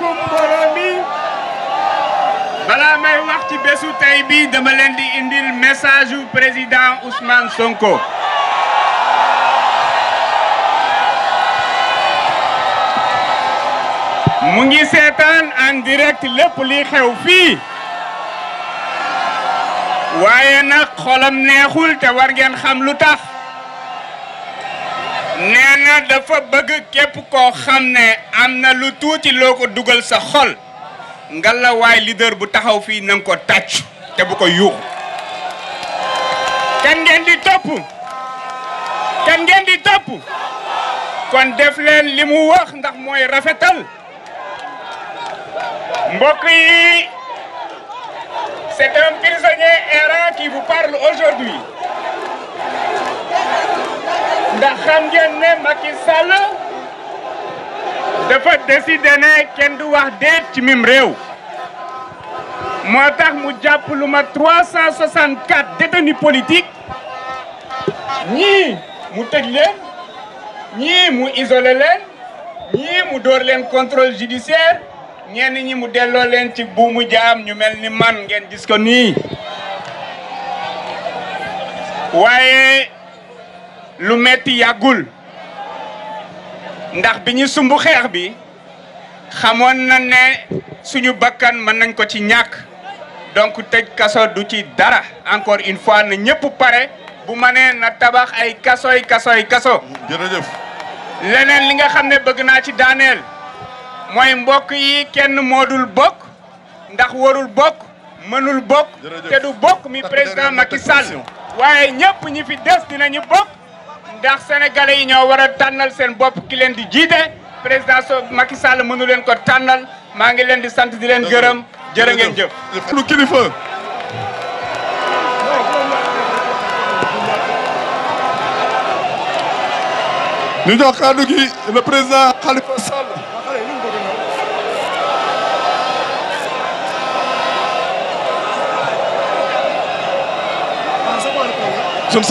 aleykum mbooloo mi balaa may wax ci bésu tey bi dama leen di indil message président Ousmane Sonko mu ngi seetaan en direct lépp li xew fii waaye nag xolam neexul te war ngeen xam lu tax nena dafa bëgg képp ko xamné amna lu tuuti loko duggal sa xol nga la waay leader bu taxaw fi na nga ko tàcc te bu ko yuuxu kan ngeen di topp kan ngeen di topp kon def leen limu wax ndax moy rafetal mbokk yi c'est un prisonnier errant qui vous parle aujourd'hui ndax xam ngeen ne Macky Sall dafa décidé ne kenn du wax déet ci mim réew moo tax mu jàpp lu ma 364 détenus politiques ñii mu tëj leen ñii mu isolé leen ñii mu dóor leen contrôle judiciaire ñenn ñi mu delloo leen ci buumu jaam ñu mel ni man ngeen gis ko nii waaye lu metti yagul ndax biñu sumbu xex bi xamoon na ne suñu bakkan man nañ ko ci ñak donc tej kaso du ci dara encore une fois na ñepp pare bu mané na tabax ay kasoy kasoy kaso jërëjëf leneen li nga xamné bëgg na ci daniel moy mbokk yi kenn modul bok ndax warul bok, manul bok, te du bok mi président Macky Sall waye ñepp ñi fi dess dinañu bok ndax sénégalais yi ñoo war a tànnal seen bopp ki leen di jiite président so Macky Sall mënu leen ko tànnal maa ngi leen di sant di leen gërëm jërë ngeen jëf lu kilifa ñu jox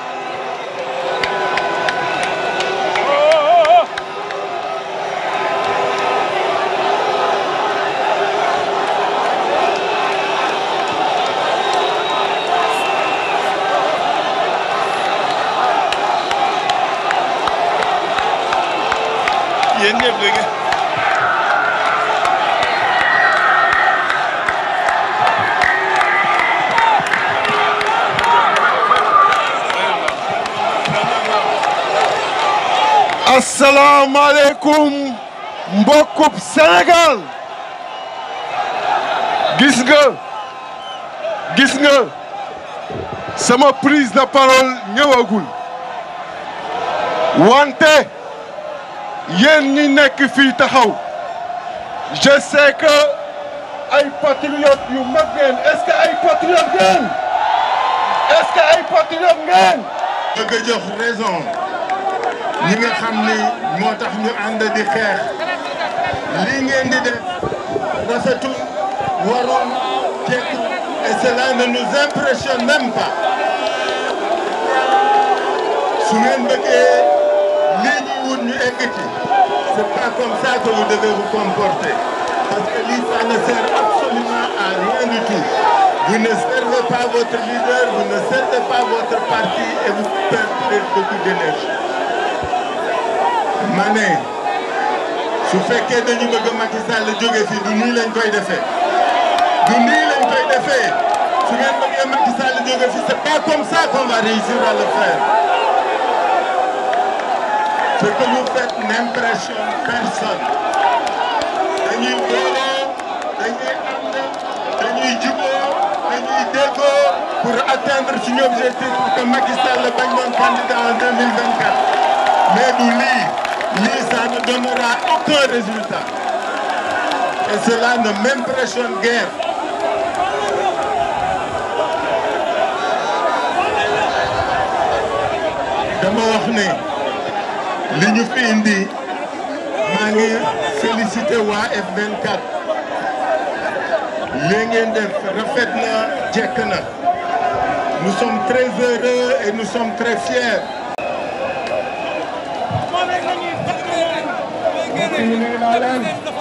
asalaamaaleykum mbokkub Sénégal gis nga gis nga sama prise de parole ñëwagul wante yéen ñi nekk fii taxaw je sais que ay patriotes yu mag ngeen est-ce ay patriotes ngeen est-ce que ay patriotes ngeen. bëgg a jox Nous nga ñu ngeen et cela ne nous impressionne même pas nous n'est c'est pas comme ça que vous devez vous comporter parce que l'ISA ne sert absolument à rien du tout vous ne servez pas votre leader vous ne servez pas votre parti et vous perdez beaucoup d'énergie ma ne su fekkee dañu bëgg Macky Sall joggé fi du nii lañ koy défé du nii lañ koy défé su ngeen bëggee Macky Sall joggé fi c'est pas comme ça qu'on va réussir à le faire ce que vous faites n'impressionne personne dañuy booloo dañuy ànd dañuy juboo dañuy déggoo pour atteindre suñu objectif pour que Macky Sall bañ doon candidat en 2024 mais du lii mais ça ne donnera aucun résultat. Et cela ne m'impressionne guère. dama wax ne li fi indi félicité F24 li def nous sommes très heureux et nous sommes très fiers العالم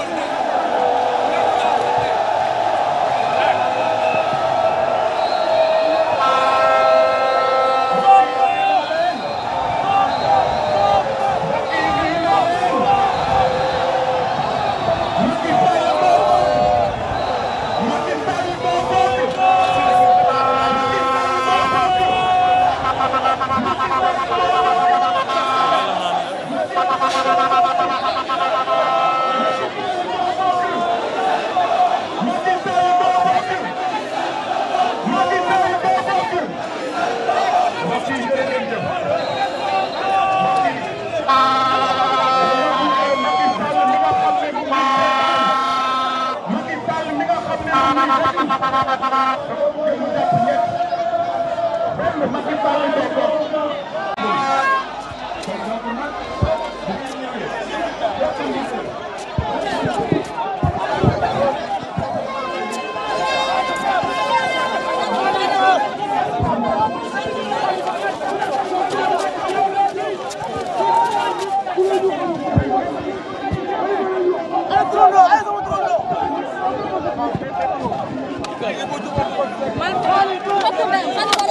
Makin parah waaw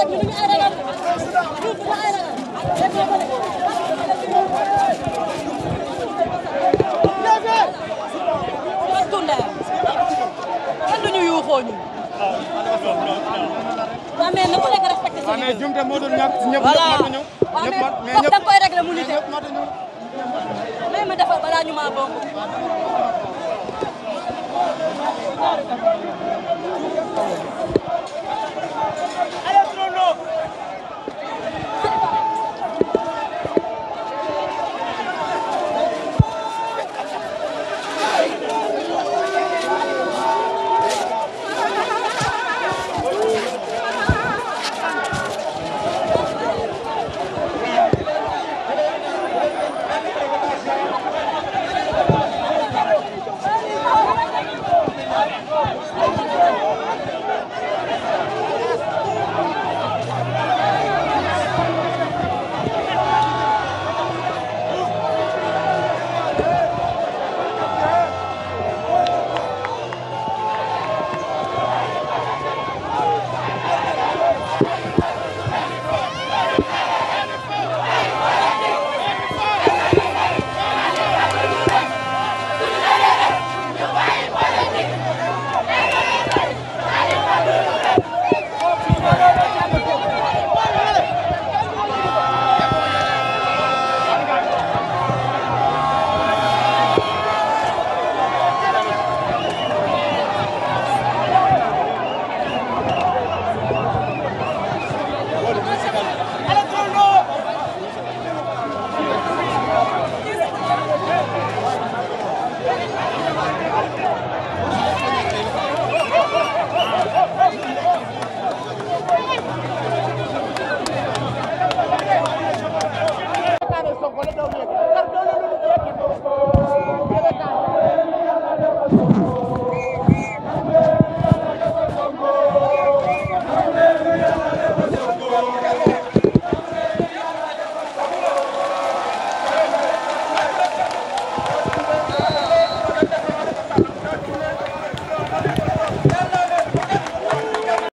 mais na ko rek respecté. waaw mais jumte moo doon ñàkk ñëpp ñëpp mais ñëpp da nga koy réglé mu nite. mais ma defar balaa ñu maa bokk. Allez